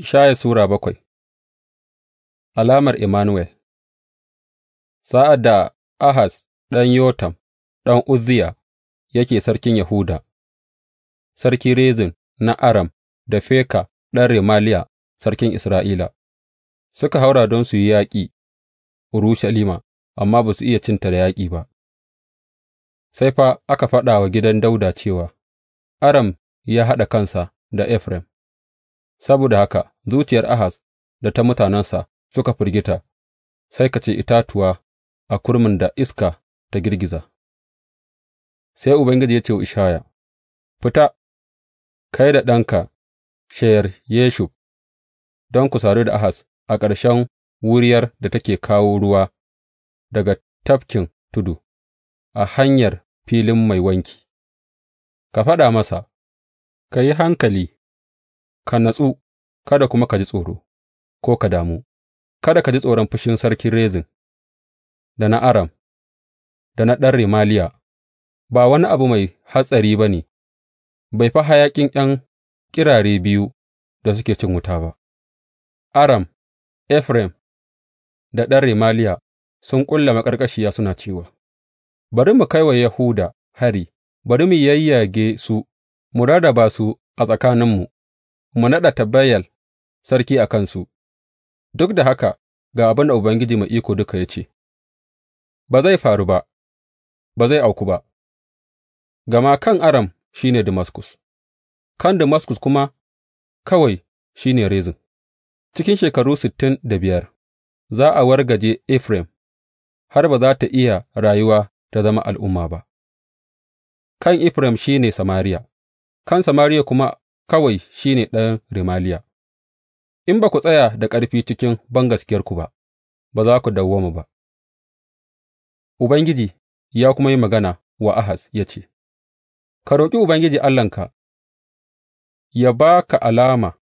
Ishaya Sura bakwai Alamar Emmanuel. Sa'ad da Ahaz ɗan Yotam, ɗan Uzziya, yake sarkin Yahuda, sarki Rezin na Aram da Feka ɗan Remaliya sarkin Isra'ila suka haura don su yi yaƙi Urushalima, amma ba su iya cinta da yaƙi ba, sai fa aka faɗa wa gidan Dauda cewa, Aram ya haɗa kansa da Efraim. Saboda haka zuciyar Ahaz da ta mutanensa suka firgita, sai ka ce itatuwa a kurmin da iska ta girgiza, sai Ubangiji ya ce wa Ishaya, Fita, kai da ɗanka Shayar Yashub, don ku saru da Ahaz a ƙarshen wuriyar da take kawo ruwa daga tafkin tudu, a hanyar filin mai wanki, ka faɗa masa, Ka yi hankali. Ka natsu, kada kuma ka ji tsoro ko ka damu; kada ka ji tsoron fushin sarkin Rezin, da na Aram, da na ɗan Remaliya, ba wani abu mai hatsari ba ne, bai fi hayaƙin ’yan ƙirare biyu da suke cin wuta ba, Aram, Efraim da ɗan Remaliya sun ƙulla maƙarƙashiya suna cewa, Bari mu kai wa Yahuda hari, bari mu yayyage su, mu rarraba su a tsakaninmu. mu naɗa ta Tabeyel sarki a kansu, duk da haka ga abin da Ubangiji Mai Iko Duka ya ce, Ba zai faru ba, ba zai auku ba, gama kan Aram shi ne Damaskus, kan Damascus kuma kawai shi ne Rezin, cikin shekaru sittin da biyar za a wargaje Efraim har ba za ta iya rayuwa ta zama al'umma ba. Kan Efraim shi ne Samariya, kan Samariya kuma kawai shi ne ɗan Remaliya, in ba ku tsaya da ƙarfi cikin bangaskiyarku ba, ba za ku dawwama ba. Ubangiji ya kuma yi magana wa Ahaz ya ce, Ka roƙi Ubangiji Allahnka, ya ba ka alama,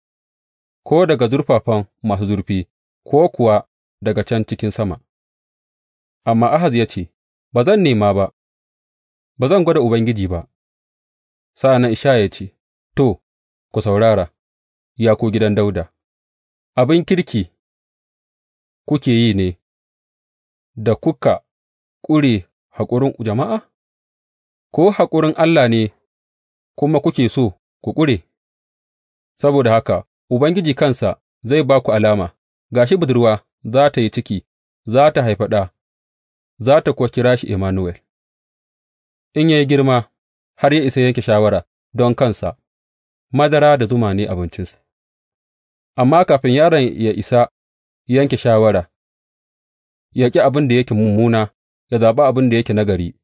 ko daga zurfafan masu zurfi, ko kuwa daga can cikin sama. Amma Ahaz ya ce, Ba zan nema ba, ba zan gwada Ubangiji ba. Sa'an nan Ishaya ya ce, To, Ku saurara, ya ku gidan Dawuda, abin kirki kuke yi ne da kuka ƙure haƙurin jama'a, ko haƙurin Allah ne kuma kuke so ku ƙure? Saboda haka Ubangiji kansa zai ba ku alama, ga shi budurwa za ta yi ciki, za tă haifi ɗa, za ta kuwa kira shi Emmanuel. in ya yi girma har ya isa yanke shawara don kansa. madara da zuma ne abincinsa, amma kafin yaron ya isa yanke shawara, ya ƙi abin da yake mummuna, ya zaɓi abin da yake nagari,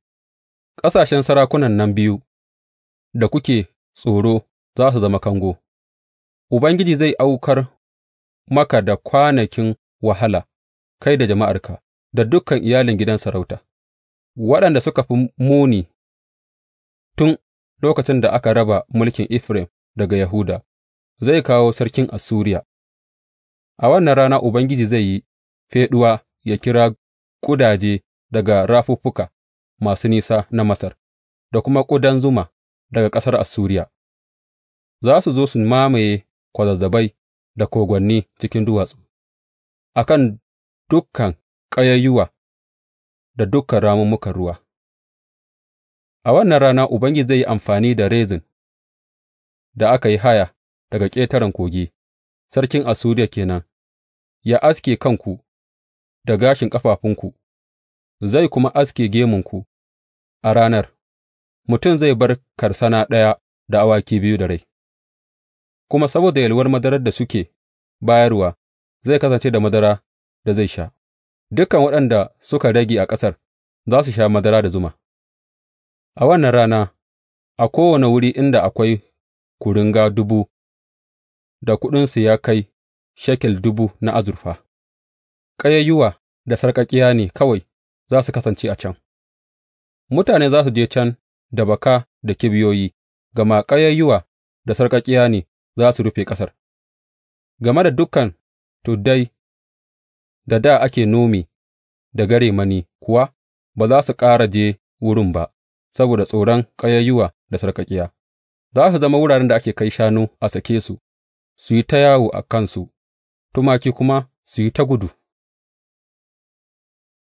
ƙasashen sarakunan nan biyu da kuke tsoro za su zama kango, Ubangiji zai aukar maka da kwanakin wahala, kai da jama'arka, da dukan iyalin gidan sarauta, waɗanda suka fi muni tun lokacin da aka raba mulkin Efraim daga Yahuda, zai kawo sarkin Assuriya, a wannan rana Ubangiji zai yi feɗuwa ya kira ƙudaje daga rafuffuka masu nisa na Masar da kuma ƙudan zuma daga ƙasar Assuriya, za su zo su mamaye kwazazzabai da kogwanni cikin duwatsu, a kan dukan ƙayayyuwa da dukan ramummukan ruwa. A wannan rana Ubangiji zai yi amfani da rezin. da aka yi haya daga ƙetaren kogi, sarkin Assuriya ke nan, ya aske kanku da gashin ƙafafunku, zai kuma aske gemunku a ranar, mutum zai bar karsana ɗaya da awaki biyu da rai, kuma saboda yalwar madarar da suke bayarwa, zai kasance da madara da zai sha, dukan waɗanda suka rage a ƙasar za su sha madara da zuma. A wannan rana, a kowane wuri inda akwai kuringa dubu da kuɗinsu ya kai shekel dubu na azurfa, ƙayayyuwa da sarƙaƙƙiya ne kawai za su kasance a can; mutane za su je can da baka da kibiyoyi, gama ƙayayyuwa da sarƙaƙƙiya ne za su rufe ƙasar, game da dukan tuddai da dā ake nomi da garemani kuwa ba za su ƙara je wurin ba saboda tsoron ƙayayyuwa da sarƙaƙƙiya. za su zama wuraren da ake kai shanu a sake su, su yi ta yawo a kansu, tumaki kuma su yi ta gudu.